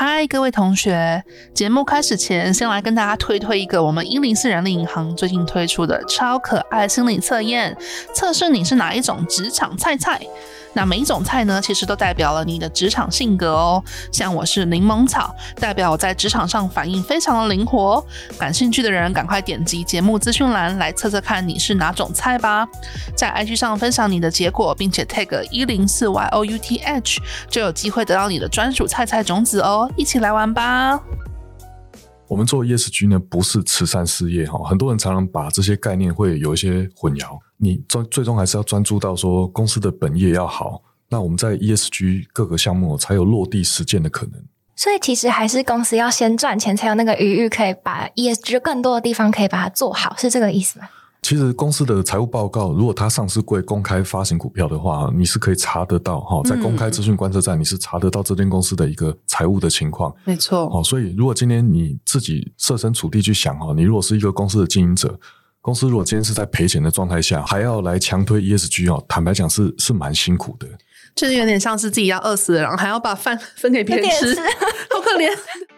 嗨，各位同學！節目開始前，先來跟大家推推一個我們104人力銀行最近推出的超可愛心理測驗，測試你是哪一種職場菜菜。那每一種菜呢，其實都代表了你的職場性格哦。像我是檸檬草，代表我在職場上反應非常的靈活。感興趣的人，趕快點擊節目資訊欄來測測看你是哪種菜吧。在 IG 上分享你的結果，並且 tag 一零四 youth，就有機會得到你的專屬菜菜種子哦。一起來玩吧！我們做 ESG 呢，不是慈善事業哈，很多人常常把這些概念會有一些混淆。你最最終還是要專注到說公司的本業要好，那我們在 ESG 各個項目有才有落地實踐的可能。所以其實還是公司要先賺錢，才有那個餘裕，可以把 ESG 更多的地方可以把它做好，是這個意思嗎？其實公司的財務報告，如果它上市櫃公開發行股票的話，你是可以查得到哈、嗯，在公開資訊觀測站，你是查得到這間公司的一個財務的情況。沒錯。哦，所以如果今天你自己設身處地去想哈，你如果是一個公司的經營者，公司如果今天是在賠錢的狀態下，還要來強推 ESG 哦，坦白講是是蠻辛苦的，就是有點像是自己要餓死了，然後還要把飯分給別人吃，吃 好可憐。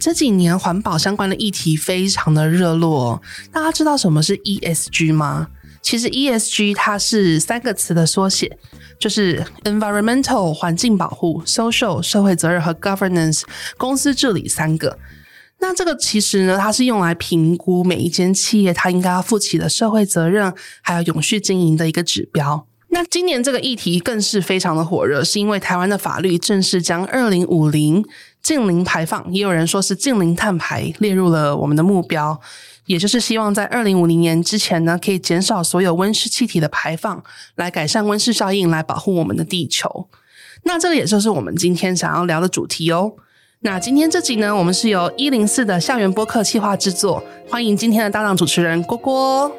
這幾年環保相關的議題非常的熱絡，大家知道什麼是 ESG 嗎？其實 ESG 它是三個詞的縮寫，就是 Environmental 環境保護、Social 社會責任和 Governance 公司治理三個。那這個其實呢，它是用來評估每一間企業它應該要負起的社會責任，還有永續經營的一個指標。那今年這個議題更是非常的火熱，是因為台灣的法律正式將二零五零淨零排放，也有人說是淨零碳排，列入了我們的目標，也就是希望在二零五零年之前呢，可以減少所有溫室氣體的排放，來改善溫室效應，來保護我們的地球。那這個也就是我們今天想要聊的主題哦。那今天這集呢，我們是由一零四的校園播客企劃製作，歡迎今天的搭檔主持人郭郭。郭郭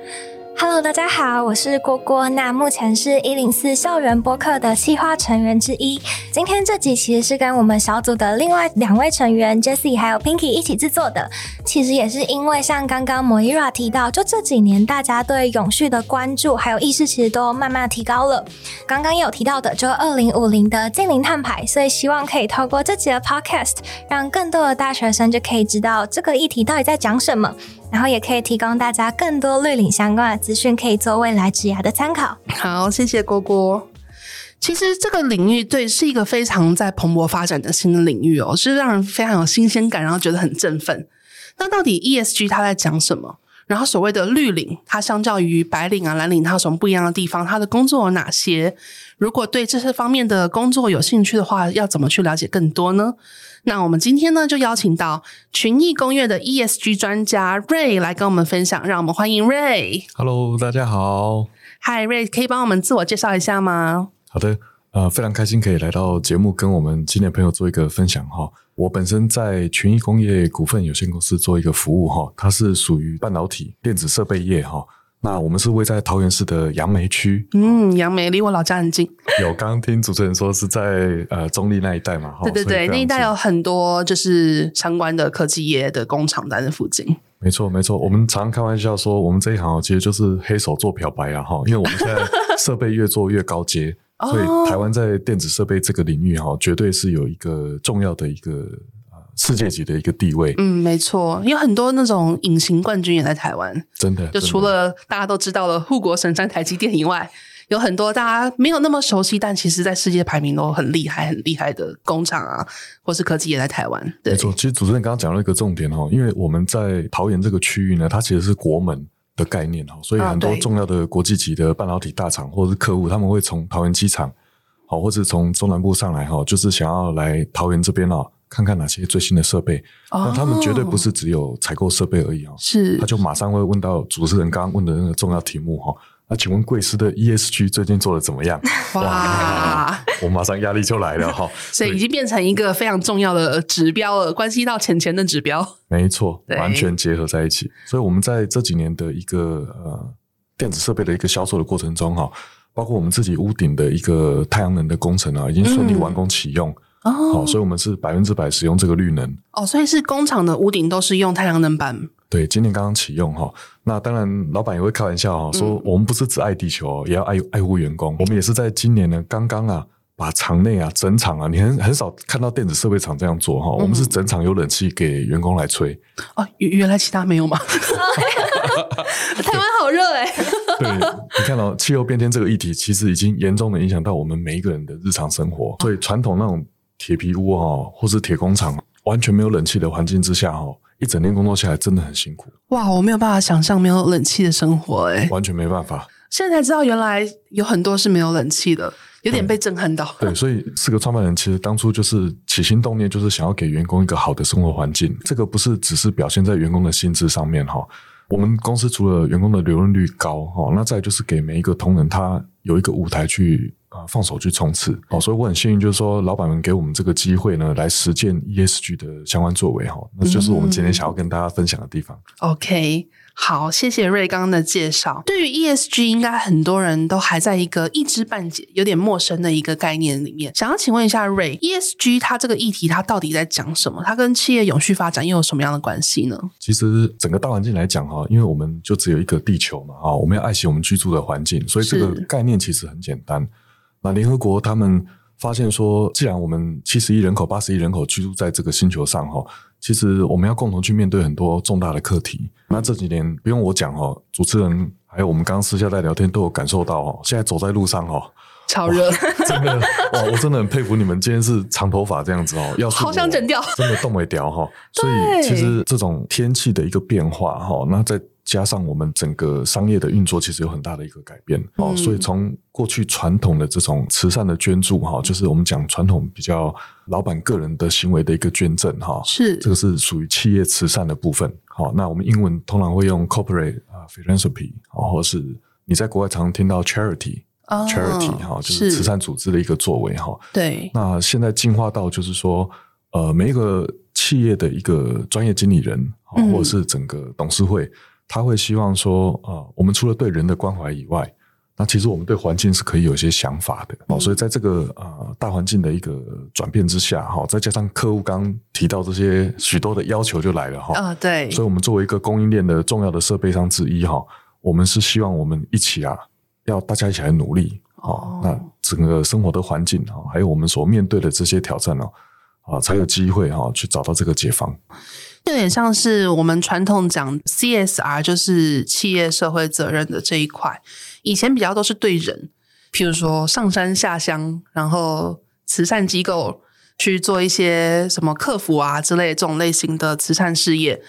Hello，大家好，我是郭郭。那目前是一零四校園播客的企劃成員之一。今天這集其實是跟我們小組的另外兩位成員 Jessie 還有 Pinky 一起制作的。其實也是因為像剛剛 Moira 提到，就這幾年大家對永續的關注還有意識，其實都慢慢提高了。剛剛也有提到的，就二零五零的淨零碳排，所以希望可以透過這集的 Podcast，讓更多的大學生就可以知道這個議題到底在講什麼，然後也可以提供大家更多綠領相關的，資訊可以做未來職涯的參考。好，謝謝郭郭。其實這個領域對是一個非常在蓬勃發展的新的領域喔，就是讓人非常有新鮮感，然後覺得很振奮。那到底 ESG 它在講什麼？然後所謂的綠領，它相較於白領啊藍領，它有什麼不一樣的地方？他的工作有哪些？如果對這些方面的工作有興趣的話，要怎麼去了解更多呢？那我們今天呢，就邀請到群翊工業的 ESG 專家 Ray 來跟我們分享，讓我們歡迎 Ray。Hello，大家好。Hi，Ray，可以幫我們自我介紹一下嗎？好的，呃，非常開心可以來到節目，跟我們青年朋友做一個分享哈。我本身在群翊工業股份有限公司做一個服務哈，它是屬於半導體電子設備業哈。那我們是位在桃園市的楊梅區，嗯，楊梅離我老家很近。 有，剛剛聽主持人說是在呃中立那一帶嘛，哈，對對對，那一帶有很多就是相關的科技業的工廠在那附近。沒錯沒錯，我們常開玩笑說，我們這一行其實就是黑手做漂白啊哈，因為我們現在設備越做越高階， 所以台灣在電子設備這個領域哈，絕對是有一個重要的一個。世界級的一個地位，嗯，沒錯，有很多那種隱形冠軍也在台灣，真的，就除了大家都知道了護國神山台積電以外，有很多大家沒有那麼熟悉，但其實在世界排名都很厲害、很厲害的工廠啊，或是科技也在台灣。對，沒錯，其實主持人剛剛講到一個重點哈，因為我們在桃園這個區域呢，它其實是國門的概念哈，所以很多重要的國際級的半導體大廠或者是客戶，啊，他們會從桃園機場，好，或者從中南部上來哈，就是想要來桃園這邊哦。看看哪些最新的設備，那、哦、他們絕對不是只有採購設備而已啊、哦！是，他就馬上會問到主持人剛剛問的那個重要題目哈、哦。那請問貴司的 ESG 最近做的怎麼樣？哇，哇我馬上壓力就來了哈、哦 ！所以已經變成一個非常重要的指標了，關係到錢錢的指標。沒錯，完全結合在一起。所以我們在這幾年的一個呃電子設備的一個銷售的過程中哈、哦，包括我們自己屋頂的一個太陽能的工程啊、哦，已經順利完工啟用。嗯哦、oh.，所以，我們是百分之百使用這個綠能哦，oh, 所以是工廠的屋頂都是用太陽能板。對，今年剛剛啟用哈。那當然，老闆也會開玩笑哈，說我們不是只愛地球，也要愛愛護員工。我們也是在今年呢剛剛啊，把廠內啊整廠啊，你很很少看到電子設備廠這樣做哈。我們是整廠有冷氣給員工來吹。哦、oh,，原來其他沒有嗎？ 台灣好熱誒、欸、 對，對，你看到、哦、氣候變遷這個議題，其實已經嚴重的影響到我們每一個人的日常生活。Oh. 所以，傳統那種。鐵皮屋、哦、或是鐵工廠，完全沒有冷氣的環境之下、哦、一整天工作下來真的很辛苦。哇，我沒有辦法想象沒有冷氣的生活哎，完全沒辦法。現在才知道原來有很多是沒有冷氣的，有點被震撼到。嗯、對，所以四個創辦人其實當初就是起心動念，就是想要給員工一個好的生活環境。這個不是只是表現在員工的薪資上面哈、哦嗯，我們公司除了員工的留任率高哈、哦，那再就是給每一個同仁他有一個舞台去。啊，放手去衝刺哦！所以我很幸運，就是說老闆們給我們這個機會呢，來實踐 ESG 的相關作為哈、嗯，那就是我們今天想要跟大家分享的地方。OK，好，謝謝 Ray 剛剛的介紹。對於 ESG，應該很多人都還在一個一知半解、有點陌生的一個概念裡面。想要請問一下 Ray，ESG 它這個議題，它到底在講什麼？它跟企業永續發展又有什麼樣的關係呢？其實整個大環境來講哈，因為我們就只有一個地球嘛啊，我們要愛惜我們居住的環境，所以這個概念其實很簡單。那聯合國他們發現說，既然我們七十億人口、八十億人口居住在這個星球上哈，其實我們要共同去面對很多重大的課題。那這幾年不用我講哦，主持人還有我們剛私下在聊天都有感受到哦，現在走在路上哦，超熱，真的哇，我真的很佩服你們今天是長頭髮這樣子哦，要好想剪掉，真的凍未條哈。所以其實這種天氣的一個變化哈，那在。加上我們整個商業的運作，其實有很大的一個改變、嗯、哦。所以從過去傳統的這種慈善的捐助，哈、哦，就是我們講傳統比較老闆個人的行為的一個捐贈，哈、哦，是，這個是屬於企業慈善的部分。哦、那我們英文通常會用 corporate 啊 philanthropy，然後是你在國外常常聽到 charity，charity 哈、oh, charity, 哦，就是慈善組織的一個作為哈、哦。對，那現在進化到就是說，呃，每一個企業的一個專業經理人，哦、或者是整個董事會。嗯他會希望說，啊、呃，我們除了對人的關懷以外，那其實我們對環境是可以有一些想法的，嗯哦、所以在這個呃大環境的一個轉變之下，哈、哦，再加上客戶剛提到這些許多的要求就來了，哈、哦，啊、哦，對，所以我們作為一個供應鏈的重要的設備商之一，哈、哦，我們是希望我們一起啊，要大家一起來努力，哦，哦那整個生活的環境哈、哦，還有我們所面對的這些挑戰哦，啊，才有機會哈、哦，去找到這個解方。有點像是我們傳統講 CSR，就是企業社會責任的這一塊。以前比較都是對人，譬如說上山下鄉，然後慈善機構去做一些什麼客服啊之類這種類型的慈善事業。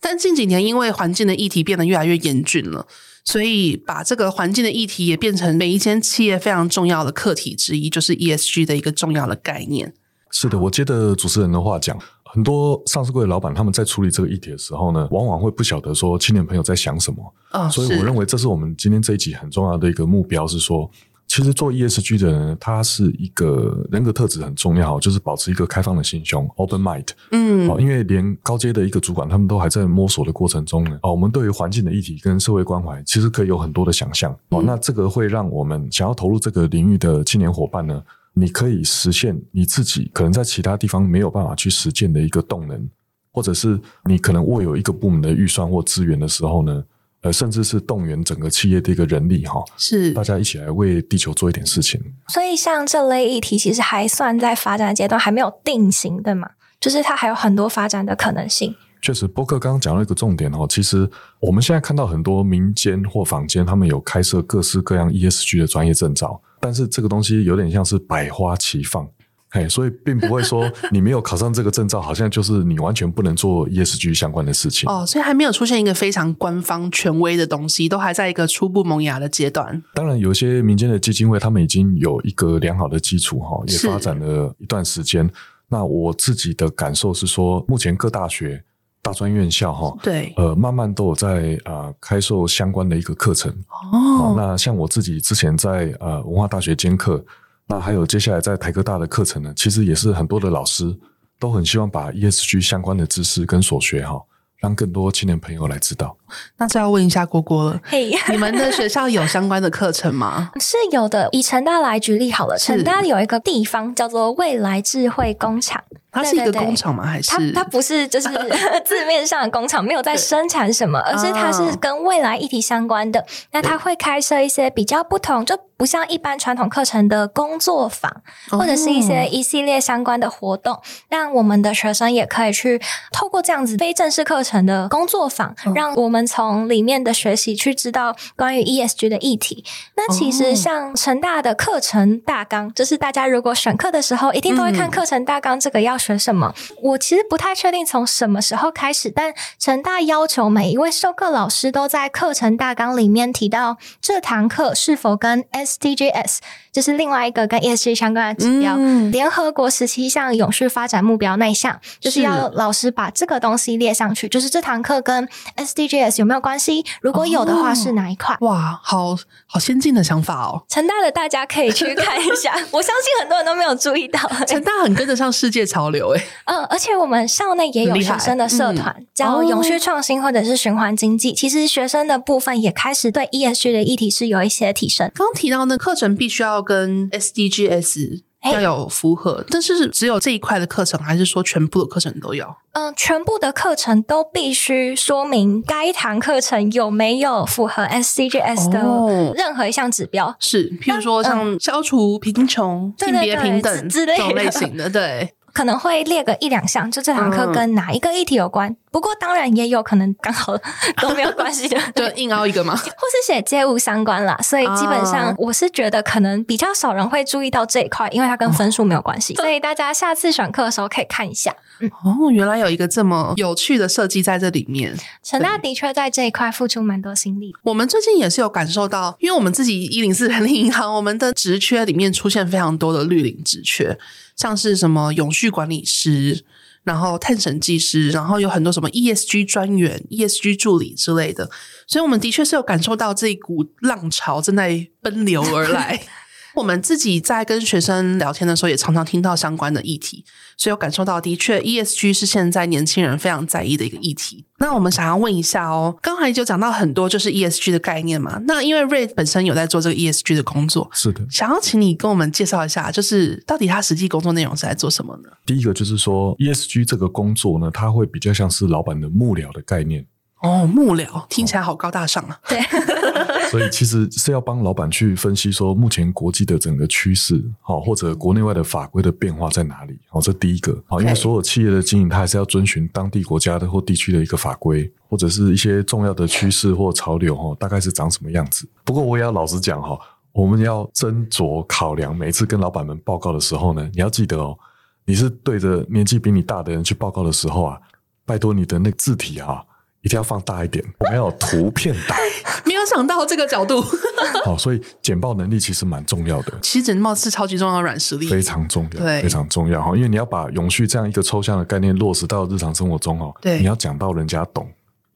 但近幾年，因為環境的議題變得越來越嚴峻了，所以把這個環境的議題也變成每一間企業非常重要的課題之一，就是 ESG 的一個重要的概念。是的，我接着主持人的話講。很多上市櫃的老板，他們在處理這個議題的時候呢，往往會不曉得說青年朋友在想什麼啊、哦。所以我認為，這是我們今天這一集很重要的一個目標，是說，其實做 ESG 的人，他是一個人格特質很重要，就是保持一個開放的心胸 （open mind）。嗯、哦。因為連高階的一個主管，他們都還在摸索的過程中呢、哦。我們對於環境的議題跟社會關懷，其實可以有很多的想象、嗯。哦，那這個會讓我們想要投入這個領域的青年夥伴呢？你可以實現你自己可能在其他地方沒有辦法去實踐的一個動能，或者是你可能握有一個部門的預算或資源的時候呢，呃，甚至是動員整個企業的一個人力哈、哦，是大家一起來為地球做一點事情。所以，像這類議題其實還算在發展階段，還沒有定型，對嗎？就是它還有很多發展的可能性。確實，波克剛剛講了一個重點哈、哦，其實我們現在看到很多民間或坊間，他們有開設各式各樣 ESG 的專業證照。但是這個東西有點像是百花齊放，嘿，所以並不會說你沒有考上這個證照， 好像就是你完全不能做 ESG 相關的事情哦。所以還沒有出現一個非常官方權威的東西，都還在一個初步萌芽的階段。當然，有些民間的基金會，他們已經有一個良好的基礎，哈，也發展了一段時間。那我自己的感受是說，目前各大學。大專院校哈，對，呃，慢慢都有在啊，呃，開授相關的一個課程。oh. 哦。那像我自己之前在呃文化大學兼課，那還有接下來在台科大的課程呢，其實也是很多的老師都很希望把 ESG 相關的知識跟所學哈，讓更多青年朋友來知道。那就要問一下郭郭了。嘿、hey. 你們的學校有相關的課程嗎？是有的。以成大來舉例好了，成大有一個地方叫做未來智慧工廠。它是一個工廠嗎？還是它,它不是？就是 字面上的工廠，沒有在生產什麼，而是它是跟未來議題相關的。Oh. 那它會開設一些比較不同，就不像一般傳統課程的工作坊，oh. 或者是一些一系列相關的活動，oh. 讓我們的學生也可以去透過這樣子非正式課程的工作坊，oh. 讓我們。從裡面的學習去知道關於 ESG 的議題。那其實像成大的課程大綱、哦，就是大家如果選課的時候，一定都會看課程大綱，這個要選什麼、嗯。我其實不太確定從什麼時候開始，但成大要求每一位授課老師都在課程大綱裡面提到這堂課是否跟 SDGs 就是另外一個跟 ESG 相關的指標，嗯，聯合國十七項永續發展目標那一項，就是要老師把這個東西列上去。是就是這堂課跟 SDGs 有沒有關係？如果有的話，是哪一塊、哦哦？哇，好好先進的想法哦！成大的大家可以去看一下， 我相信很多人都沒有注意到、欸，成大很跟得上世界潮流誒、欸。嗯，而且我們校內也有學生的社團叫、嗯、永續創新或者是循環經濟、哦，其實學生的部分也開始對 ESG 的議題是有一些提升。剛提到的課程必須要。跟 SDGs 要有符合，欸、但是只有這一塊的課程，還是說全部的課程都要？嗯、呃，全部的課程都必須說明該堂課程有沒有符合 SDGs 的任何一項指標、哦。是，譬如說像消除貧窮、性、嗯、別、嗯、平等對對對之類這種類型的，對，可能會列個一兩項，就這堂課跟哪一個議題有關。嗯不過，當然也有可能剛好都沒有關係的，對 就硬凹一個嘛。或是寫街舞相關啦。所以基本上我是覺得可能比較少人會注意到這一塊，因為它跟分數沒有關係。哦。所以大家下次選課的時候可以看一下。嗯。哦，原來有一個這麼有趣的設計在這裡面。成大的確在這一塊付出蠻多心力。我們最近也是有感受到，因為我們自己一零四人力銀行，我們的職缺裡面出現非常多的綠領職缺，像是什麼永續管理師。然後碳審技師，然後有很多什麼 ESG 專員、ESG 助理之類的，所以我們的確是有感受到這一股浪潮正在奔流而來。 我們自己在跟學生聊天的時候，也常常聽到相關的議題，所以我感受到，的確 ESG 是現在年輕人非常在意的一個議題。那我們想要問一下哦，剛才就講到很多就是 ESG 的概念嘛，那因為 Ray 本身有在做這個 ESG 的工作，是的，想要請你跟我們介紹一下，就是到底他實際工作內容是在做什麼呢？第一個就是說 ESG 這個工作呢，它會比較像是老板的幕僚的概念。哦，幕僚聽起來好高大上啊！哦、對， 所以其實是要幫老板去分析說目前國際的整個趨勢，好，或者國內外的法規的變化在哪裡？好，這第一個啊，因為所有企業的經營，它還是要遵循當地國家的或地區的一個法規，或者是一些重要的趨勢或潮流哦，大概是長什麼樣子。不過我也要老實講哈，我們要斟酌考量，每次跟老板們報告的時候呢，你要記得哦，你是對着年紀比你大的人去報告的時候啊，拜託你的那個字體哈、啊。一定要放大一點，我們要有圖片大。 沒有想到這個角度， 好，所以簡報能力其實蠻重要的。其實簡報是超級重要的軟實力，非常重要，非常重要哈。因為你要把永續這樣一個抽象的概念落實到日常生活中哦，對，你要講到人家懂，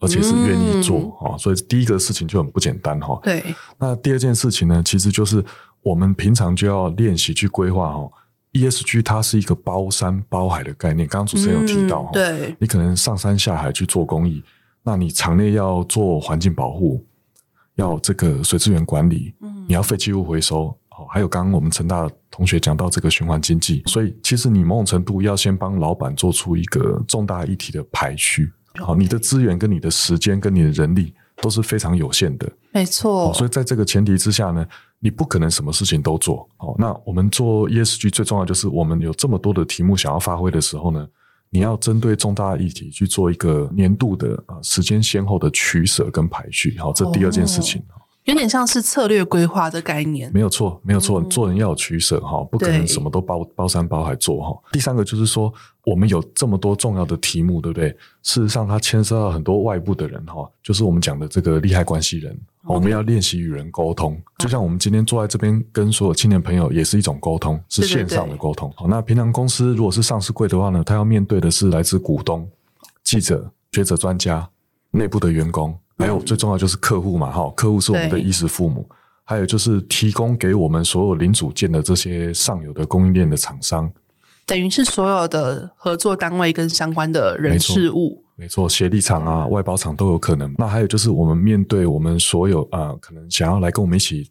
而且是願意做、嗯、哦。所以第一個事情就很不簡單哈。對，那第二件事情呢，其實就是我們平常就要練習去規劃哈。ESG 它是一個包山包海的概念，剛剛主持人有提到，嗯、對，你可能上山下海去做公益。那你廠內要做環境保護，要這個水資源管理，嗯，你要廢棄物回收，哦，還有剛剛我們成大同學講到這個循環經濟，所以其實你某種程度要先幫老板做出一個重大議題的排序，好、okay. 哦，你的資源跟你的時間跟你的人力都是非常有限的，沒錯、哦，所以在這個前提之下呢，你不可能什麼事情都做，好、哦，那我們做 ESG 最重要的就是我們有這麼多的題目想要發揮的時候呢。你要針對重大的議題去做一個年度的啊、呃、時間先後的取捨跟排序，好，這第二件事情。Oh. 有點像是策略規劃的概念，沒有錯，沒有錯。嗯、做人要有取捨哈，不可能什麼都包包山包海做哈。第三個就是說，我們有這麼多重要的題目，對不對？事實上，它牽涉到很多外部的人哈，就是我們講的這個利害關係人。我們要練習與人溝通，Okay. 就像我們今天坐在這邊跟所有青年朋友，也是一種溝通，是線上的溝通。好，那平常公司如果是上市櫃的話呢，他要面對的是來自股東、記者、學者、專家、內部的員工。還有最重要就是客戶嘛，哈，客戶是我們的衣食父母。還有就是提供給我們所有零組件的這些上游的供應鏈的廠商，等於是所有的合作單位跟相關的人事物。沒錯，協力廠啊、嗯，外包廠都有可能。那還有就是我們面對我們所有啊、呃，可能想要來跟我們一起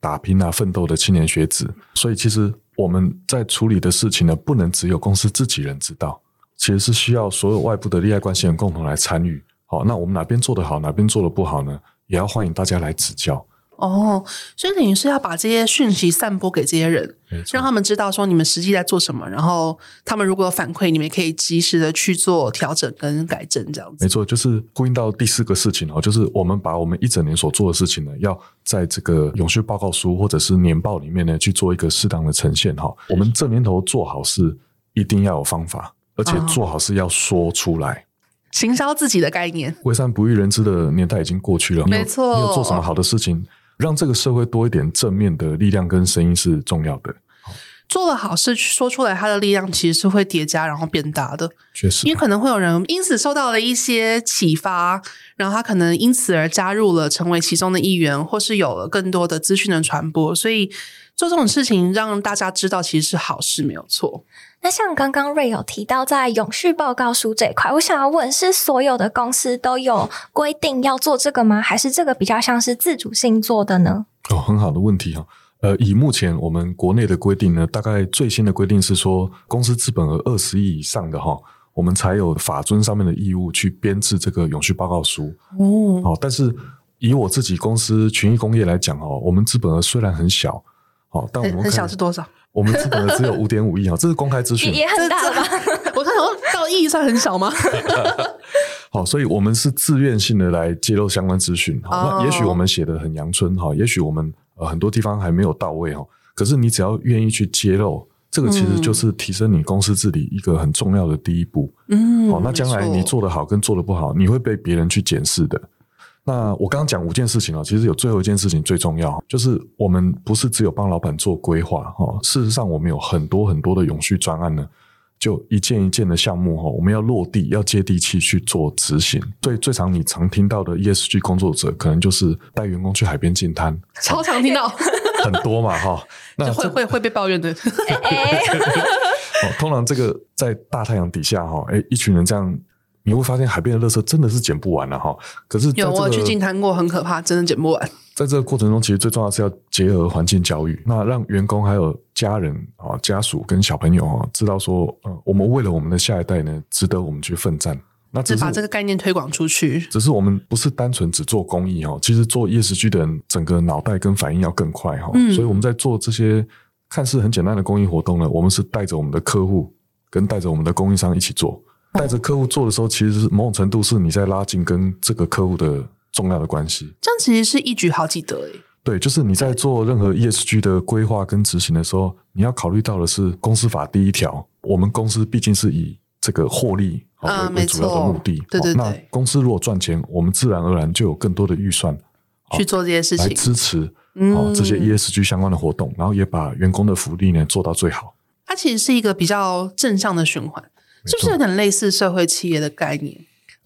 打拼啊、奮鬥的青年學子。所以其實我們在處理的事情呢，不能只有公司自己人知道，其實是需要所有外部的利害關係人共同來參與。哦，那我們哪邊做得好，哪邊做得不好呢？也要歡迎大家來指教。哦，所以等於是要把這些訊息散播給這些人，讓他們知道說你們實際在做什麼、嗯。然後他們如果有反饋，你們可以及時的去做調整跟改正。這樣子沒錯，就是呼應到第四個事情哦，就是我們把我們一整年所做的事情呢，要在這個永續報告書或者是年報裡面呢，去做一個適當的呈現。哈、嗯，我們這年頭做好事一定要有方法，而且做好事要說出來。哦行銷自己的概念，為善不欲人知的年代已經過去了。沒錯，你有做什麼好的事情，讓這個社會多一點正面的力量跟聲音是重要的。做了好事，說出來，它的力量其實是會疊加，然後變大的。確實，因為可能會有人因此受到了一些啟發，然後他可能因此而加入了，成為其中的一員，或是有了更多的資訊的傳播。所以做這種事情，讓大家知道其實是好事，沒有錯。那像剛剛 Ray 有提到，在永續報告書這一塊，我想要問，是所有的公司都有規定要做這個嗎？還是這個比較像是自主性做的呢？哦，很好的問題哈、哦。呃，以目前我們國內的規定呢，大概最新的規定是說，公司資本額二十億以上的哈、哦，我們才有法遵上面的義務去編製這個永續報告書。哦、嗯，哦，但是以我自己公司群翊工業來講哦，我們資本額雖然很小，哦，但我們、欸、很小是多少？ 我們資本額只有五點五億哈，這是公開資訊，也很大吧？ 我看哦，到億算很小嗎？ 好，所以我們是自願性的來揭露相關資訊哈。那也許我們寫的很陽春哈，也許我們呃很多地方還沒有到位哈。可是你只要願意去揭露，這個其實就是提升你公司治理一個很重要的第一步。嗯，好，那將來你做的好跟做的不好，你會被別人去檢視的。那我剛剛講五件事情哦，其實有最後一件事情最重要，就是我們不是只有幫老板做規劃哈。事實上，我們有很多很多的永續專案呢，就一件一件的項目哈，我們要落地，要接地氣去做執行。最最常你常聽到的 ESG 工作者，可能就是帶員工去海邊淨灘，超常聽到很多嘛哈， 那就會會會被抱怨的。 通常這個在大太陽底下哈，誒，一群人這樣。你會發現海邊的垃圾真的是撿不完了、啊、哈。可是、這個、有，我有去淨灘過，很可怕，真的撿不完。在這個過程中，其實最重要的是要結合環境教育，那讓員工還有家人啊、家屬跟小朋友知道說，我們為了我們的下一代呢，值得我們去奮戰。那只把這個概念推廣出去。只是我們不是單純只做公益哈，其實做 ESG 的人整個腦袋跟反應要更快哈、嗯。所以我們在做這些看似很簡單的公益活動呢，我們是帶着我們的客戶跟帶着我們的供應商一起做。帶着客戶做的時候，其實是某種程度是你在拉近跟這個客戶的重要的關係。這樣其實是一舉好幾得誒、欸、對，就是你在做任何 ESG 的規劃跟執行的時候，嗯、你要考慮到的是公司法第一條，我們公司畢竟是以這個獲利啊為主要的目的、啊哦。對對對。那公司如果賺錢，我們自然而然就有更多的預算去做這些事情，來支持啊、嗯哦、這些 ESG 相關的活動，然後也把員工的福利呢做到最好。它其實是一個比較正向的循環。是不是很類似社會企業的概念？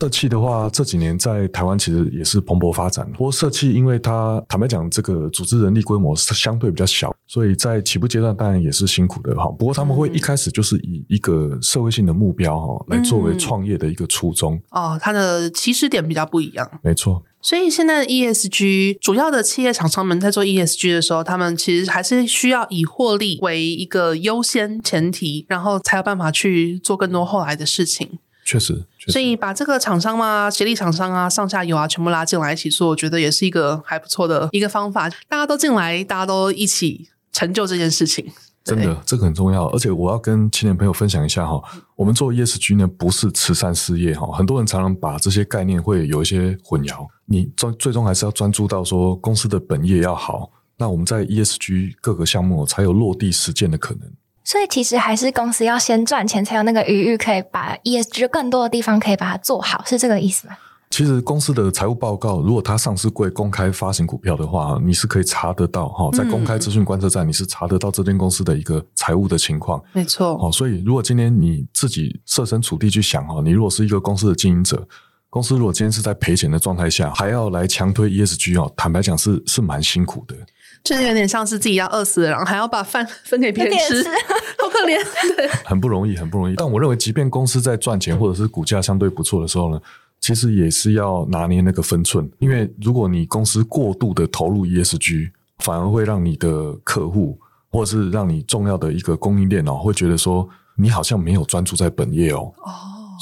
社企的話，這幾年在台灣其實也是蓬勃發展。不過社企，因為它坦白講，這個組織人力規模是相對比較小，所以在起步階段當然也是辛苦的哈。不過他們會一開始就是以一個社會性的目標哈來作為創業的一個初衷。嗯嗯。哦，它的起始點比較不一樣。沒錯。所以現在 ESG 主要的企業廠商們在做 ESG 的時候，他們其實還是需要以獲利為一個優先前提，然後才有辦法去做更多後來的事情。確實，確實。所以把這個廠商嘛、啊、協力廠商啊、上下游啊全部拉進來一起做，我覺得也是一個還不錯的一個方法。大家都進來，大家都一起成就這件事情。真的，這個很重要，而且我要跟青年朋友分享一下哈。我們做 ESG 呢，不是慈善事業哈。很多人常常把這些概念會有一些混淆。你最最終還是要專注到說公司的本業要好，那我們在 ESG 各個項目有才有落地實踐的可能。所以其實還是公司要先賺錢，才有那個餘裕，可以把 ESG 更多的地方可以把它做好，是這個意思嗎？其實公司的財務報告，如果它上市櫃公開發行股票的話，你是可以查得到哈、嗯，在公開資訊觀測站，你是查得到這間公司的一個財務的情況。沒錯，哦，所以如果今天你自己設身處地去想哈，你如果是一個公司的經營者，公司如果今天是在賠錢的狀態下，還要來強推 ESG 哦，坦白講是是蠻辛苦的，就是有點像是自己要餓死了，然後還要把飯分給別人吃，好可憐 對，很不容易，很不容易。但我認為，即便公司在賺錢或者是股價相對不錯的時候呢。其實也是要拿捏那個分寸，因為如果你公司過度的投入 ESG，反而會讓你的客戶或者是讓你重要的一個供應鏈哦，會覺得說你好像沒有專注在本業哦。哦，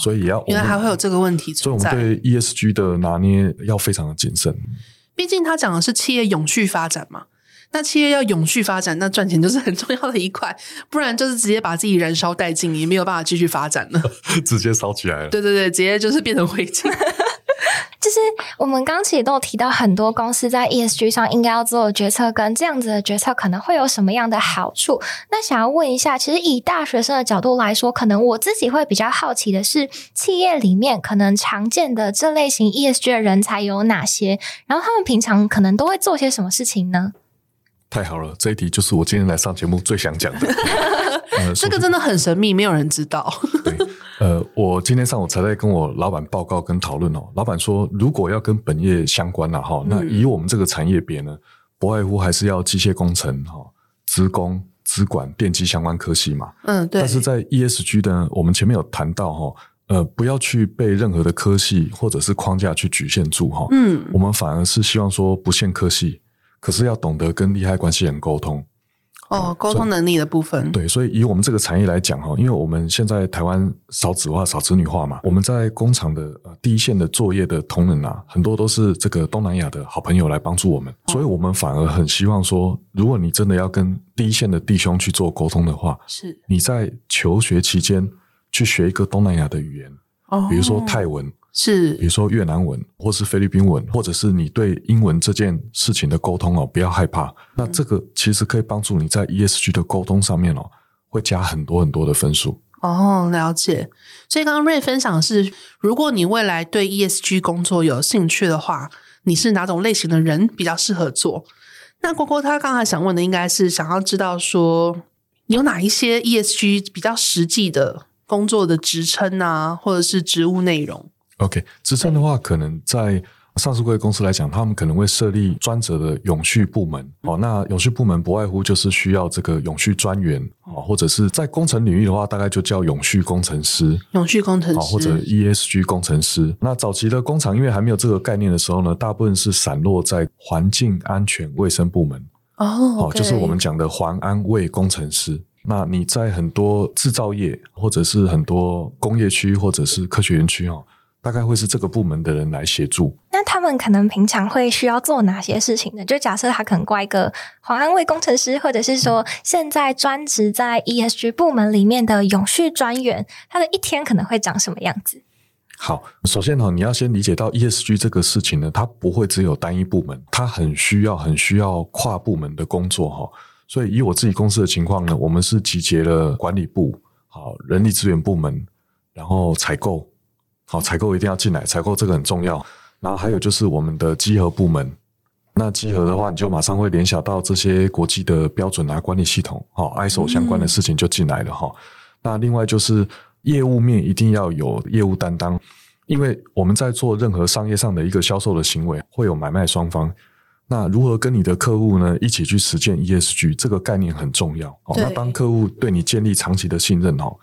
所以也要原來還會有這個問題，所以我們對 ESG 的拿捏要非常的謹慎。畢竟他講的是企業永續發展嘛。那企業要永續發展，那賺錢就是很重要的一塊，不然就是直接把自己燃燒殆盡，也沒有辦法繼續發展了。 直接燒起來了，對對對，直接就是變成灰燼。 就是我們剛剛其實都提到很多公司在 ESG 上應該要做的決策，跟這樣子的決策可能會有什麼樣的好處？那想要問一下，其實以大學生的角度來說，可能我自己會比較好奇的是，企業裡面可能常見的這類型 ESG 的人才有哪些？然後他們平常可能都會做些什麼事情呢？太好了！這一題就是我今天來上節目最想講的、 呃。這個真的很神秘，沒有人知道。 呃，我今天上午才在跟我老闆報告跟討論哦。老闆說，如果要跟本業相關了，啊，哈，那以我們這個產業別呢，不外乎還是要機械工程哈，資工、資管、電機相關科系嘛。嗯，對。但是在 ESG 呢，我們前面有談到哈，呃，不要去被任何的科系或者是框架去局限住哈。嗯。我們反而是希望說不限科系。可是要懂得跟利害關係人溝通哦，溝通能力的部分對。所以以我們這個產業來講哈，因為我們現在台灣少子化，少子女化嘛，我們在工廠的呃第一線的作業的同仁啊，很多都是這個東南亞的好朋友來幫助我們哦，所以我們反而很希望說，如果你真的要跟第一線的弟兄去做溝通的話，是，你在求學期間去學一個東南亞的語言，哦，比如說泰文。是，比如說越南文，或是菲律賓文，或者是你對英文這件事情的溝通哦，不要害怕。嗯。那這個其實可以幫助你在 ESG 的溝通上面哦，會加很多很多的分數。哦，了解。所以剛剛 Ray 分享的是，如果你未來對 ESG 工作有興趣的話，你是哪種類型的人比較適合做？那郭郭他剛才想問的應該是想要知道說，有哪一些 ESG 比較實際的工作的職稱啊，或者是職務內容？OK，職稱的話，可能在上市公司來講，他們可能會設立專責的永續部門。哦，那永續部門不外乎就是需要這個永續專員，哦，或者是在工程領域的話，大概就叫永續工程師、永續工程師、哦、或者 ESG 工程師。 那早期的工廠，因為還沒有這個概念的時候呢，大部分是散落在環境、安全、衛生部門。哦、oh, okay.，哦，就是我們講的環安衛工程師。那你在很多制造業，或者是很多工業區，或者是科學園區，哦。大概會是這個部門的人來協助。那他們可能平常會需要做哪些事情呢？就假設他可能掛一個環安衛工程師，或者是說現在專職在 ESG 部門裡面的永續專員，嗯，他的一天可能會長什麼樣子？好，首先哈，喔，你要先理解到 ESG 這個事情呢，它不會只有單一部門，它很需要、很需要跨部門的工作哈，喔。所以以我自己公司的情況呢，我們是集結了管理部、好人力資源部門，然後採購。好，採購一定要進來，採購這個很重要。然後還有就是我們的稽核部門，那稽核的話，你就馬上會聯想到這些國際的標準啊、管理系統，哈、哦，ISO 相關的事情就進來了哈、嗯嗯。那另外就是業務面一定要有業務擔當，因為我們在做任何商業上的一個銷售的行為，會有買賣雙方。那如何跟你的客戶呢一起去實踐 ESG 這個概念很重要。哦，那當客戶對你建立長期的信任哦。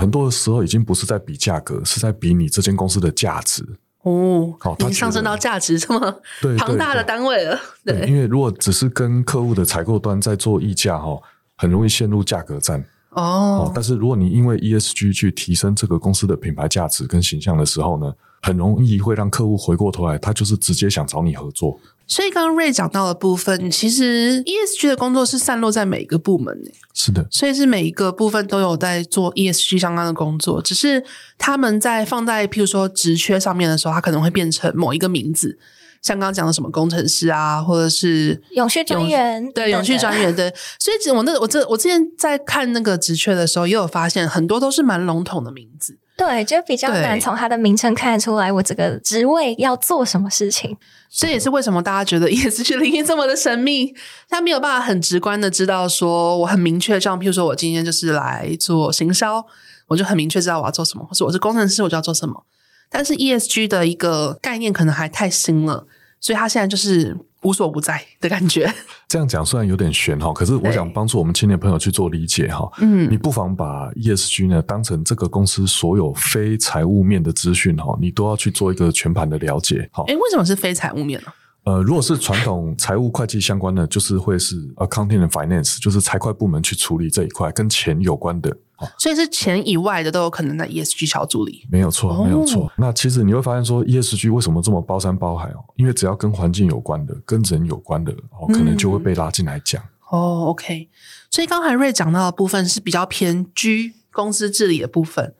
很多的時候已經不是在比價格，是在比你這間公司的價值哦。好，已經上升到價值這麼龐大的單位了對對對對對。對，因為如果只是跟客戶的採購端在做議價哦，很容易陷入價格戰、嗯、哦。但是如果你因為 ESG 去提升這個公司的品牌價值跟形象的時候呢，很容易會讓客戶回過頭來，他就是直接想找你合作。所以剛剛 Ray 講到的部分，其實 ESG 的工作是散落在每一個部門欸。是的，所以是每一個部分都有在做 ESG 相關的工作，只是他們在放在譬如說職缺上面的時候，它可能會變成某一個名字，像剛剛講的什麼工程師啊，或者是永續專員。對，永續專員。對，所以我那我這我之前在看那個職缺的時候，也有發現很多都是蠻籠統的名字。對，就比較難從他的名稱看得出來我這個職位要做什麼事情。這也是為什麼大家覺得 ESG 領域這麼的神秘，他沒有辦法很直觀的知道說我很明確，像譬如說我今天就是來做行銷，我就很明確知道我要做什麼；或是我是工程師，我就要做什麼。但是 ESG 的一個概念可能還太新了，所以他現在就是無所不在的感覺。這樣講雖然有點玄哈，可是我想幫助我們青年朋友去做理解哈。嗯，你不妨把 ESG 呢當成這個公司所有非財務面的資訊哈，你都要去做一個全盤的了解。好，誒，為什麼是非財務面呢？呃，如果是傳統財務會計相關的，就是會是 Accounting and Finance，就是財會部門去處理這一塊跟錢有關的。所以是錢以外的都有可能在 ESG 小組裡、哦，沒有錯，沒有錯。那其實你會發現說 ESG 為什麼這麼包山包海哦？因為只要跟環境有關的、跟人有關的，哦、可能就會被拉進來講。嗯、哦，OK。所以剛才 Ray 講到的部分是比較偏 G 公司治理的部分，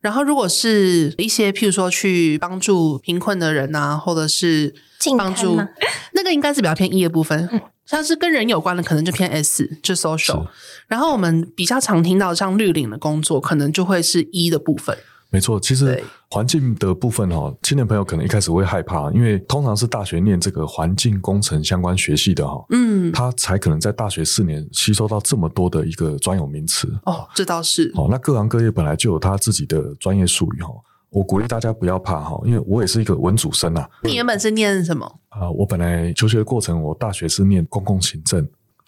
然後如果是一些譬如說去幫助貧困的人啊，或者是幫助那個應該是比較偏 E 的部分。嗯像是跟人有關的，可能就偏 S，就 social。然後我們比較常聽到像綠領的工作，可能就會是 E 的部分。沒錯，其實環境的部分哈、哦，青年朋友可能一開始會害怕，因為通常是大學念這個環境工程相關學系的哈、哦，嗯，他才可能在大學四年吸收到這麼多的一個專有名詞哦。這倒是哦，那各行各業本來就有他自己的專業術語哈、哦。我鼓勵大家不要怕哈，因為我也是一個文組生啊。你原本是念是什麼啊、呃？我本來求學的過程，我大學是念公共行政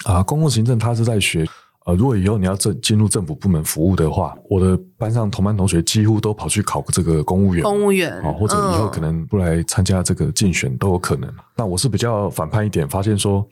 啊、呃。公共行政它是在學呃，如果以後你要進入政府部門服務的話，我的班上同班同學幾乎都跑去考這個公務員，公務員啊、哦，或者以後可能不來參加這個競選都有可能。嗯、那我是比較反叛一點，發現說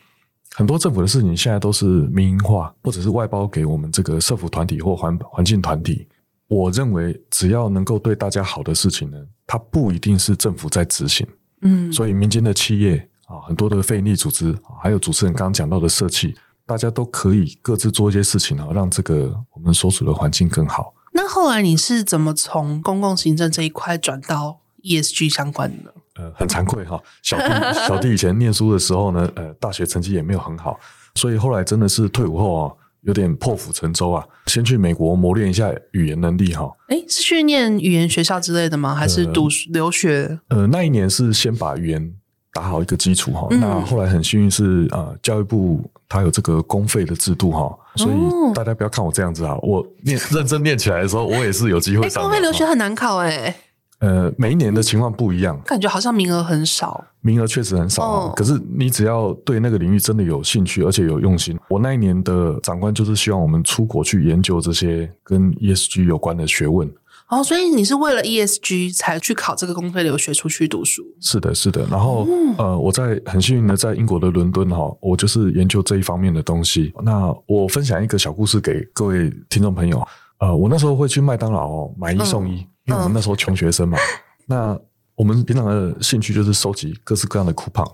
很多政府的事情現在都是民營化，或者是外包給我們這個社福團體或環環境團體。我認為，只要能夠對大家好的事情呢，它不一定是政府在執行。嗯，所以民間的企業啊，很多的非營利組織，還有主持人剛剛講到的社企，大家都可以各自做一些事情啊，讓這個我們所處的環境更好。那後來你是怎麼從公共行政這一塊轉到 ESG 相關的呢？呃，很慚愧哈， 小弟小弟以前念書的時候呢，呃，大學成績也沒有很好，所以後來真的是退伍後啊。有點破釜沉舟啊，先去美國磨練一下語言能力哈、哦。誒，是去念語言學校之類的嗎？還是讀、呃、留學？呃，那一年是先把語言打好一個基礎哈、哦嗯。那後來很幸運是啊、呃，教育部它有這個公費的制度哈、哦，所以大家不要看我這樣子啊、哦，我念認真念起來的時候， 我也是有機會上公費留學很難考哎、欸。呃，每一年的情況不一樣，感覺好像名額很少。名額確實很少、啊哦、可是你只要對那個領域真的有興趣，而且有用心。我那一年的長官就是希望我們出國去研究這些跟 ESG 有關的學問。哦，所以你是為了 ESG 才去考這個公費留學出去讀書？是的，是的。然後、嗯、呃，我在很幸運的在英國的倫敦哈、哦，我就是研究這一方面的東西。那我分享一個小故事給各位聽眾朋友。呃，我那時候會去麥當勞、哦、買一送一。嗯因為我們那時候窮學生嘛， 那我們平常的興趣就是收集各式各樣的 coupon。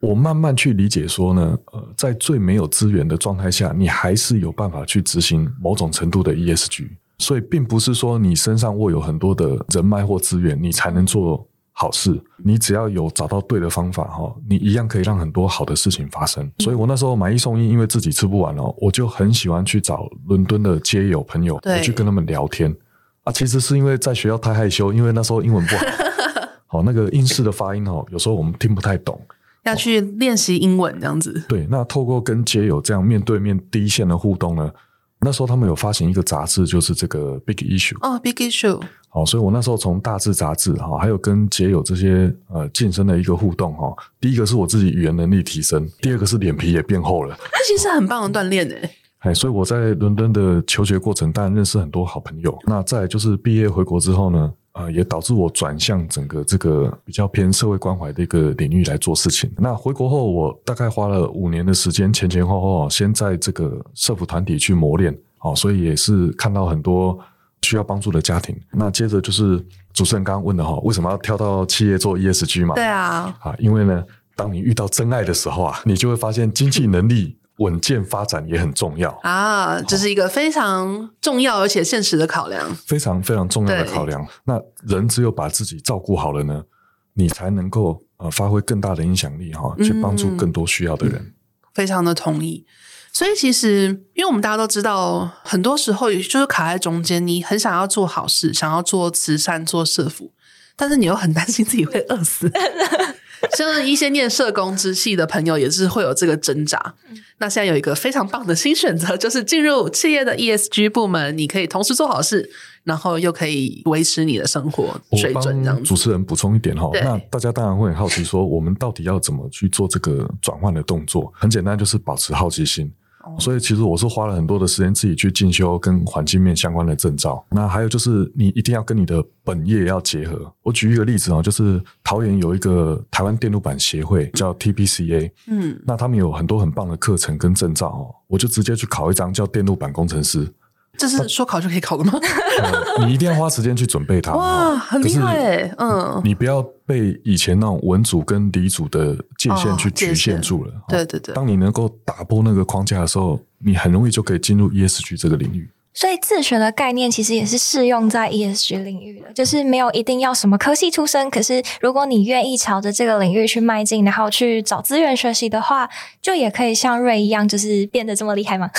我慢慢去理解說呢，呃，在最沒有資源的狀態下，你還是有辦法去執行某種程度的 ESG。所以，並不是說你身上握有很多的人脈或資源，你才能做好事。你只要有找到對的方法哈、哦，你一樣可以讓很多好的事情發生。嗯、所以我那時候買一送一，因為自己吃不完哦，我就很喜歡去找倫敦的街友朋友，去跟他們聊天。啊、其實是因為在學校太害羞，因為那時候英文不好， 好那個英式的發音哦，有時候我們聽不太懂，要去練習英文這樣子。對，那透過跟街友這樣面對面第一線的互動呢，那時候他們有發行一個雜誌，就是這個 Big Issue，oh。哦，Big Issue。好，所以我那時候從大誌雜誌哈，還有跟街友這些呃健身的一個互動哈，第一個是我自己語言能力提升，第二個是臉皮也變厚了，yeah. 那其實很棒的鍛鍊哎。哎，所以我在倫敦的求學過程，當然認識很多好朋友。那再就是畢業回國之後呢，啊、呃，也導致我轉向整個這個比較偏社會關懷的一個領域來做事情。那回國後，我大概花了五年的時間，前前後後，先在這個社福團體去磨練，哦，所以也是看到很多需要幫助的家庭。那接着就是主持人剛剛問的哈，為什麼要跳到企業做 ESG 嘛？對啊，啊，因為呢，當你遇到真愛的時候啊，你就會發現經濟能力。 穩健發展也很重要啊，這，就是一個非常重要而且現實的考量，哦、非常非常重要的考量。那人只有把自己照顧好了呢，你才能夠呃發揮更大的影響力哈，去幫助更多需要的人，嗯嗯。非常的同意。所以其實，因為我們大家都知道，很多時候也就是卡在中間，你很想要做好事，想要做慈善、做社福，但是你又很擔心自己會餓死。 像一些念社工之系的朋友也是會有這個掙扎。那現在有一個非常棒的新選擇，就是進入企業的 ESG 部門，你可以同時做好事，然後又可以維持你的生活水準這樣子。主持人補充一點哈，哦，那大家當然會很好奇說，我們到底要怎麼去做這個轉換的動作？很簡單，就是保持好奇心。所以其實我是花了很多的時間自己去進修跟環境面相關的證照。那還有就是，你一定要跟你的本業要結合。我舉一個例子啊、哦，就是桃園有一個台灣電路板協會，叫 TPCA，嗯，那他們有很多很棒的課程跟證照哦。我就直接去考一張叫電路板工程師。就是說考就可以考的嗎、？ 嗯？你一定要花時間去準備它。哇，很厲害，欸，嗯。你不要被以前那種文組跟理組的界限去局限住了。哦，對對對，當你能夠打破那個框架的時候，你很容易就可以進入 ESG 這個領域。所以自學的概念其實也是適用在 ESG 領域的，就是沒有一定要什麼科系出身。可是如果你願意朝着這個領域去邁進，然後去找資源學習的話，就也可以像 Ray 一樣，就是變得這麼厲害嗎？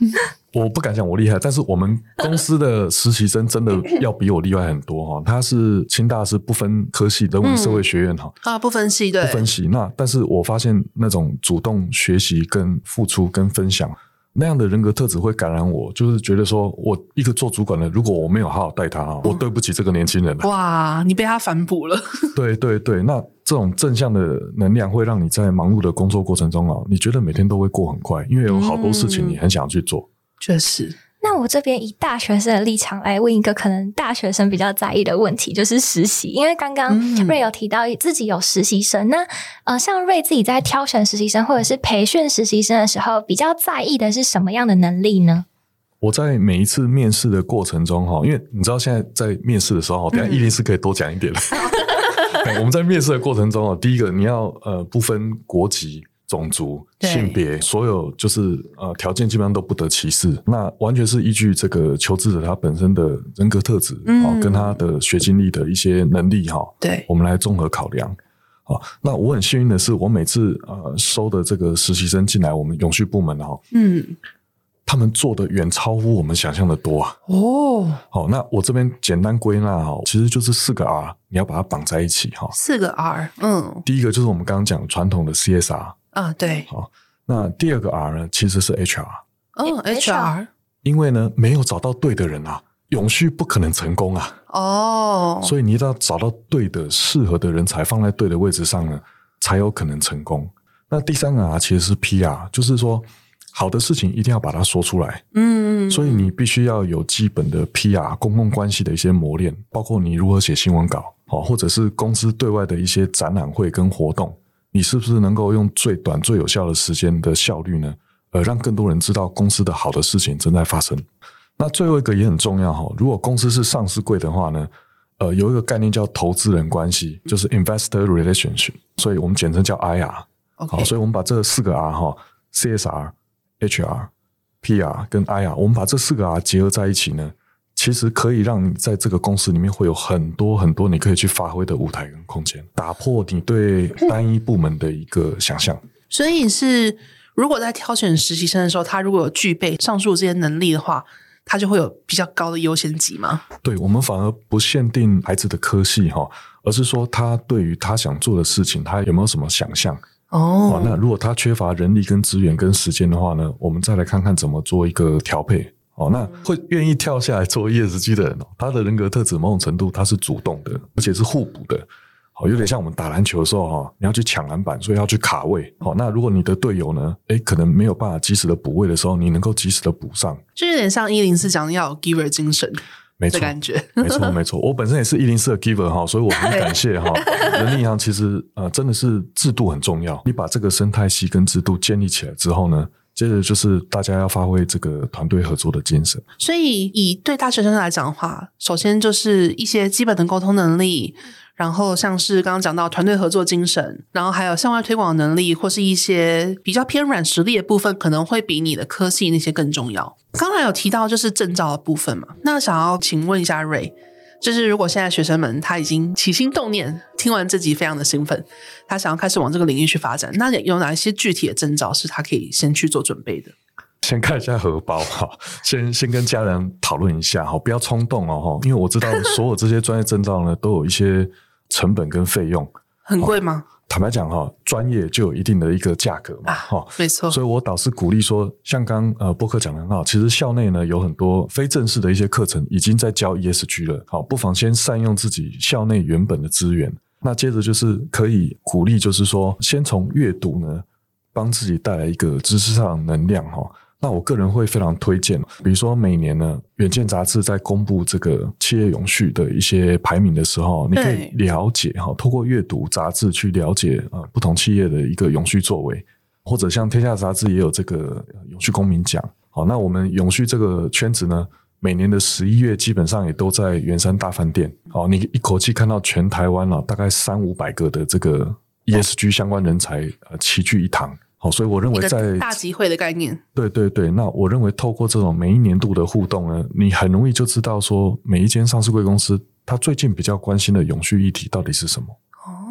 我不敢講我厲害，但是我們公司的實習生真的要比我厲害很多哈。 他是清大，是不分科系人文社會學院哈、嗯。啊，不分系對，不分系。那但是我發現那種主動學習、跟付出、跟分享那樣的人格特質會感染我，就是覺得說，我一個做主管的，如果我沒有好好帶他，我對不起這個年輕人。哇，你被他反哺了。 對對對，那這種正向的能量會讓你在忙碌的工作過程中啊，你覺得每天都會過很快，因為有好多事情你很想要去做。確實，那我這邊以大學生的立場來問一個可能大學生比較在意的問題，就是實習。因為剛剛瑞有提到自己有實習生，那、嗯、呃，像瑞自己在挑選實習生或者是培訓實習生的時候，比較在意的是什麼樣的能力呢？我在每一次面試的過程中哈，因為你知道現在在面試的時候，等下伊林是可以多講一點的、嗯。 我們在面試的過程中啊，第一個你要呃不分國籍。種族、性別，所有就是呃條件，基本上都不得歧視。那完全是依據這個求職者他本身的人格特質、嗯哦，跟他的學經歷的一些能力哈。對、哦，我們來綜合考量、哦。那我很幸運的是，我每次呃收的這個實習生進來，我們永續部門哈、哦，嗯，他們做的遠超乎我們想象的多啊。哦，好、哦，那我這邊簡單歸納哈，其實就是四個 R，你要把它綁在一起哈、哦。四個 R，嗯，第一個就是我們剛剛講傳統的 CSR。啊，對，好，那第二個 R 呢，其實是 HR。嗯，HR，因為呢，沒有找到對的人啊，永續不可能成功啊。哦，所以你一定要找到對的、適合的人才放在對的位置上呢，才有可能成功。那第三個 R 其實是 PR，就是說好的事情一定要把它說出來。嗯，所以你必須要有基本的 PR 公共關係的一些磨練，包括你如何寫新聞稿，好，或者是公司對外的一些展覽會跟活動。你是不是能夠用最短、最有效的時間的效率呢？呃，讓更多人知道公司的好的事情正在發生。那最後一個也很重要哈。如果公司是上市櫃的話呢，呃，有一個概念叫投資人關係，就是 investor relations，所以我們簡稱叫 I R。好，所以我們把這四個 R 哈，C S R、H R、P R 跟 I R，我們把這四個 R 結合在一起呢。其實可以讓你在這個公司裡面會有很多很多你可以去發揮的舞台跟空間，打破你對單一部門的一個想象。嗯、所以是，如果在挑選實習生的時候，他如果有具備上述這些能力的話，他就會有比較高的優先級嗎？對我們反而不限定孩子的科系哈，而是說他對於他想做的事情，他有沒有什麼想象？哦、啊，那如果他缺乏人力跟資源跟時間的話呢？我們再來看看怎麼做一個調配。好，那會願意跳下來做 ESG 的人，哦、他的人格特質某種程度他是主動的，而且是互補的。好，有點像我們打籃球的時候哈、哦，你要去搶籃板，所以要去卡位。好，那如果你的隊友呢誒，可能沒有辦法及時的補位的時候，你能夠及時的補上，就有點像一零四講的要有 giver 精神，沒錯，這感覺沒錯，沒錯。我本身也是一零四的 giver 哈， 所以我很感謝哈、哦。 人力銀行其實、呃、真的是制度很重要。你把這個生態系跟制度建立起來之後呢，接着就是大家要發揮這個團隊合作的精神，所以以對大學生來講的話，首先就是一些基本的溝通能力，然後像是剛剛講到團隊合作精神，然後還有向外推廣能力，或是一些比較偏軟實力的部分，可能會比你的科系那些更重要。剛才有提到就是證照的部分嘛，那想要請問一下 Ray。就是如果現在學生們他已經起心動念，聽完這集非常的興奮，他想要開始往這個領域去發展，那有哪一些具體的證照是他可以先去做準備的？先看一下荷包哈，先先跟家人討論一下哈，不要衝動哦，因為我知道所有這些專業證照呢，都有一些成本跟費用， 很貴嗎？坦白講哈，專業就有一定的一個價格嘛，哈、啊，沒錯。所以，我導師鼓勵說，像剛呃播客講的哈，其實校內呢有很多非正式的一些課程已經在教 ESG 了，好，不妨先善用自己校內原本的資源。那接着就是可以鼓勵，就是說，先從閱讀呢，幫自己帶來一個知識上能量哈。那我個人會非常推薦，比如說每年呢，《遠見》雜誌在公布這個企業永續的一些排名的時候，嗯、你可以了解哈，透過閱讀雜誌去了解呃不同企業的一個永續作為，或者像《天下》雜誌也有這個永續公民獎。好，那我們永續這個圈子呢，每年的十一月基本上也都在圓山大飯店。哦，你一口氣看到全台灣了，大概三五百個的這個 ESG 相關人才啊齊聚一堂。嗯哦，所以我認為在大集會的概念，對對對，那我認為透過這種每一年度的互動呢，你很容易就知道說，每一間上市櫃公司他最近比較關心的永續議題到底是什麼。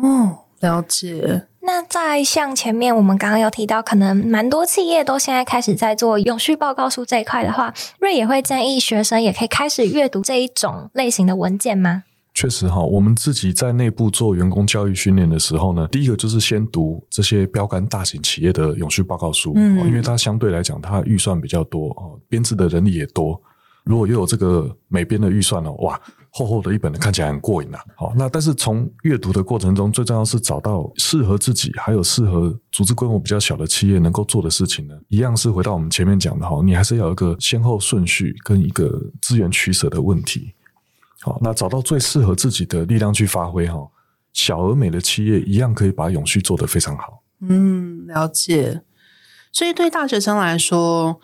哦，了解。那在像前面我們剛剛有提到，可能蠻多企業都現在開始在做永續報告書這一塊的話，瑞也會建議學生也可以開始閱讀這一種類型的文件嗎？確實哈，我們自己在內部做員工教育訓練的時候呢，第一個就是先讀這些標杆大型企業的永續報告書，嗯嗯，因為它相對來講，它預算比較多，編制的人力也多。如果又有這個美編的預算呢，哇，厚厚的一本的看起來很過癮啊。好，那但是從閱讀的過程中，最重要是找到適合自己，還有適合組織規模比較小的企業能夠做的事情呢。一樣是回到我們前面講的哈，你還是要有一個先後順序跟一個資源取捨的問題。好，那找到最適合自己的力量去發揮哈。小而美的企業一樣可以把永續做得非常好。嗯，了解。所以對大學生來說，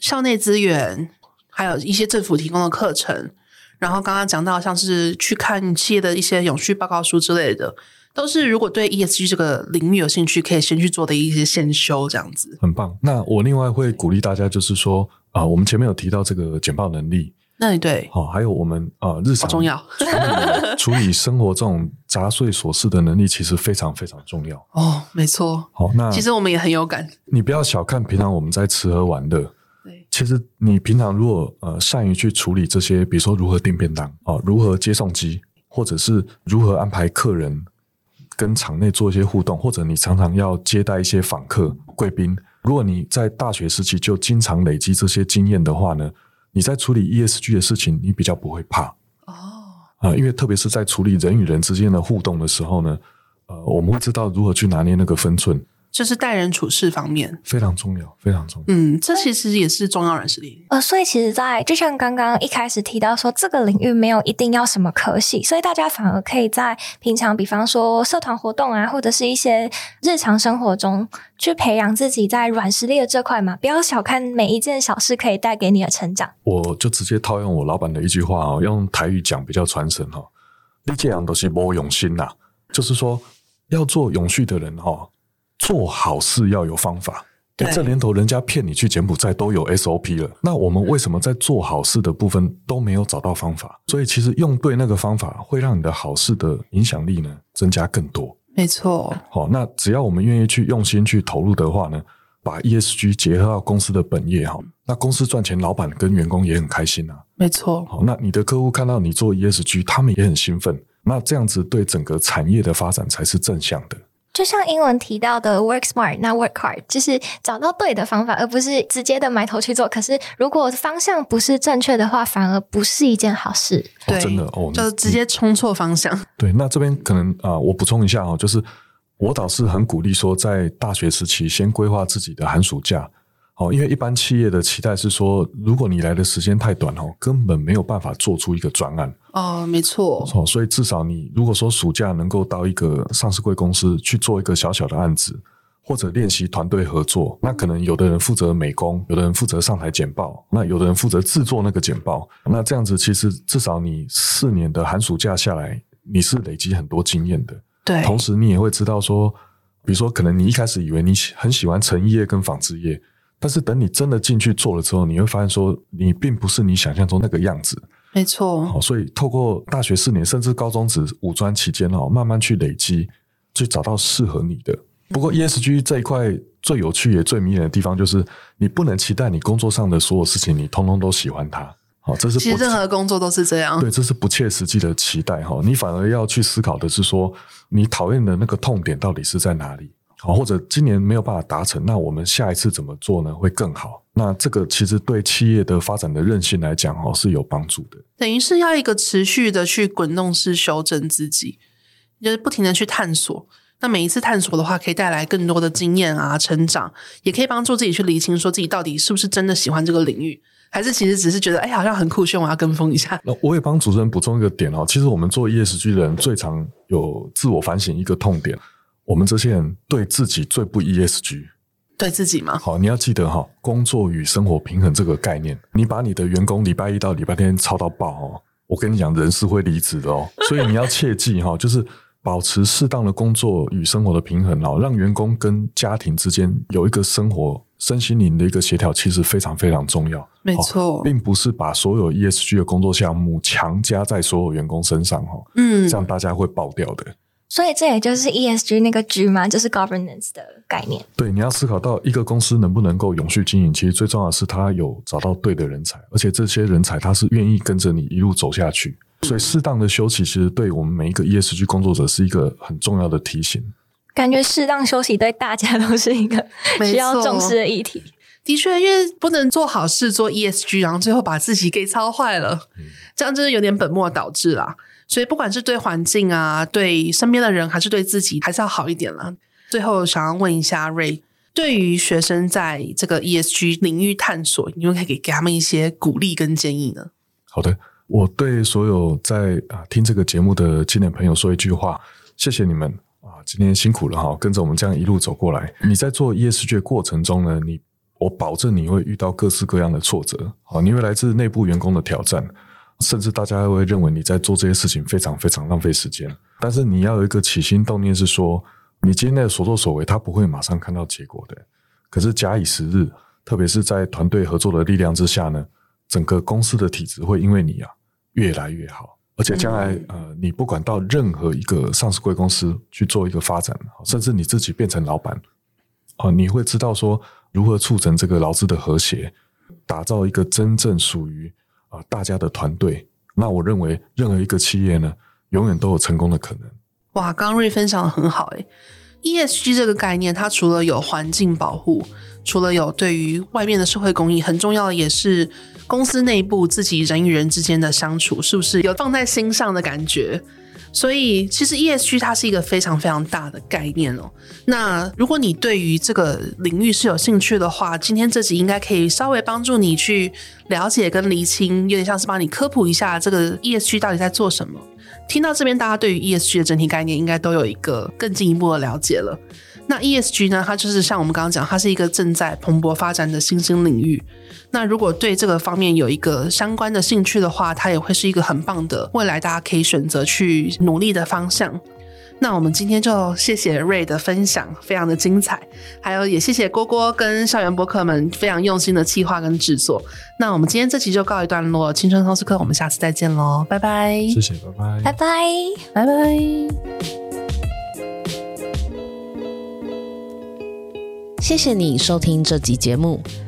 校內資源還有一些政府提供的課程，然後剛剛講到像是去看企業的一些永續報告書之類的，都是如果對 ESG 這個領域有興趣，可以先去做的一些先修這樣子。很棒。那我另外會鼓勵大家，就是說啊，我們前面有提到這個簡報能力。那也對，好、哦，還有我們啊、呃，日常重要處理生活這種雜碎瑣事的能力，其實非常非常重要。 哦，沒錯。好、哦，那其實我們也很有感。你不要小看平常我們在吃喝玩樂，對，其實你平常如果呃善於去處理這些，比如說如何訂便當啊、呃，如何接送機，或者是如何安排客人跟場內做一些互動，或者你常常要接待一些訪客、貴賓，如果你在大學時期就經常累積這些經驗的話呢，你在處理 ESG 的事情，你比較不會怕哦。啊，Oh. 呃，因為特別是在處理人與人之間的互動的時候呢，呃，我們會知道如何去拿捏那個分寸。就是待人處事方面非常重要，非常重要。嗯，這其實也是重要軟實力。呃，所以其實在，在就像剛剛一開始提到說，這個領域沒有一定要什麼科系，所以大家反而可以在平常，比方說社團活動啊，或者是一些日常生活中，去培養自己在軟實力的這塊嘛。不要小看每一件小事可以帶給你的成長。我就直接套用我老闆的一句話哦，用台語講比較傳神哈、哦。你這樣都是沒用心吶、啊，就是說要做永續的人哈、哦。做好事要有方法。對，這年頭人家騙你去柬埔寨都有 SOP 了。那我們為什麼在做好事的部分都沒有找到方法？所以其實用對那個方法，會讓你的好事的影響力呢增加更多。沒錯。好、哦，那只要我們願意去用心去投入的話呢，把 ESG 結合到公司的本業哈，那公司賺錢，老板跟員工也很開心啊。沒錯。好、哦，那你的客戶看到你做 ESG，他們也很興奮。那這樣子對整個產業的發展才是正向的。就像英文提到的，work smart，那 work hard 就是找到對的方法，而不是直接的埋頭去做。可是如果方向不是正確的話，反而不是一件好事。對，哦、真的哦，就直接衝錯方向。對，那這邊可能啊、呃，我補充一下哦，就是我倒是很鼓勵說，在大學時期先規劃自己的寒暑假。哦，因為一般企業的期待是說，如果你來的時間太短哦，根本沒有辦法做出一個專案。哦，沒錯，沒錯。所以至少你如果說暑假能夠到一個上市櫃公司去做一個小小的案子，或者練習團隊合作、嗯，那可能有的人負責美工，有的人負責上台簡報，那有的人負責制作那個簡報。那這樣子其實至少你四年的寒暑假下來，你是累積很多經驗的。對，同時你也會知道說，比如說可能你一開始以為你很喜歡成衣業跟紡織業。但是等你真的進去做了之後，你會發現說，你並不是你想象中那個樣子，沒錯。所以透過大學四年，甚至高中職五專期間哦，慢慢去累積，去找到適合你的。不過 ESG 這一塊最有趣也，嗯、最迷人的地方，就是你不能期待你工作上的所有事情你通通都喜歡它。好，這是不其實任何工作都是這樣。對，這是不切實際的期待哈。你反而要去思考的是說，你討厭的那個痛點到底是在哪裡。好，或者今年沒有辦法達成，那我們下一次怎麼做呢？會更好。那這個其實對企業的發展的韌性來講，哦，是有幫助的。等於是要一個持續的去滾動式修正自己，就是不停的去探索。那每一次探索的話，可以帶來更多的經驗啊、成長，也可以幫助自己去理清，說自己到底是不是真的喜歡這個領域，還是其實只是覺得，哎，好像很酷炫，我要跟風一下。那我也幫主持人補充一個點哦，其實我們做 ESG 的人最常有自我反省一個痛點。我們這些人對自己最不 E S G。對自己嗎？好，你要記得哈、哦，工作與生活平衡這個概念。你把你的員工禮拜一到禮拜天操到爆哦，我跟你講，人是會離職的哦。所以你要切記哈、哦， 就是保持適當的工作與生活的平衡哦，讓員工跟家庭之間有一個生活、身心靈的一個協調，其實非常非常重要。沒錯，哦、並不是把所有 E S G 的工作項目強加在所有員工身上哈、哦。嗯，這樣大家會爆掉的。所以這也就是 ESG 那個 G 嘛，就是 governance 的概念。對，你要思考到一個公司能不能夠永續經營，其實最重要的是他有找到對的人才，而且這些人才他是願意跟着你一路走下去。所以適當的休息，其實對我們每一個 ESG 工作者是一個很重要的提醒。感覺適當休息對大家都是一個需要重視的議題。的確，因為不能做好事做 ESG，然後最後把自己給操壞了，這樣就是有點本末倒置啦。所以不管是對環境啊，對身邊的人，還是對自己，還是要好一點啦、啊。最後想要問一下 Ray，對於學生在這個 ESG 領域探索，你們可以給，給他們一些鼓勵跟建議呢？好的，我對所有在啊聽這個節目的青年朋友說一句話：謝謝你們啊，今天辛苦了哈、啊，跟着我們這樣一路走過來。你在做 ESG 過程中呢，你我保證你會遇到各式各樣的挫折，好、啊，你會來自內部員工的挑戰。甚至大家還會認為你在做這些事情非常非常浪費時間，但是你要有一個起心動念是說，你今天的所作所為，他不會馬上看到結果的。可是假以時日，特別是在團隊合作的力量之下呢，整個公司的體質會因為你啊越來越好。而且將來呃，你不管到任何一個上市貴公司去做一個發展，甚至你自己變成老板，啊、呃，你會知道說如何促成這個勞資的和諧，打造一個真正屬於。啊，大家的團隊，那我認為任何一個企業呢，永遠都有成功的可能。哇，剛瑞分享得很好欸。ESG 這個概念，它除了有環境保護，除了有對於外面的社會公益，很重要的也是公司內部自己人與人之間的相處，是不是有放在心上的感覺？所以，其實 ESG 它是一個非常非常大的概念喔。那如果你對於這個領域是有興趣的話，今天這集應該可以稍微幫助你去了解跟釐清，有點像是幫你科普一下這個 ESG 到底在做什麼。聽到這邊，大家對於 ESG 的整體概念應該都有一個更進一步的了解了。那 ESG 呢，它就是像我們剛剛講，它是一個正在蓬勃發展的新興領域。那如果對這個方面有一個相關的興趣的話，它也會是一個很棒的未來，大家可以選擇去努力的方向。那我們今天就謝謝 Ray 的分享，非常的精彩。還有也謝謝郭郭跟校園播客們非常用心的企劃跟制作。那我們今天這期就告一段落，青春通識課，我們下次再見嘍，拜拜。謝謝，拜拜，拜拜，拜拜。謝謝你收聽這集節目。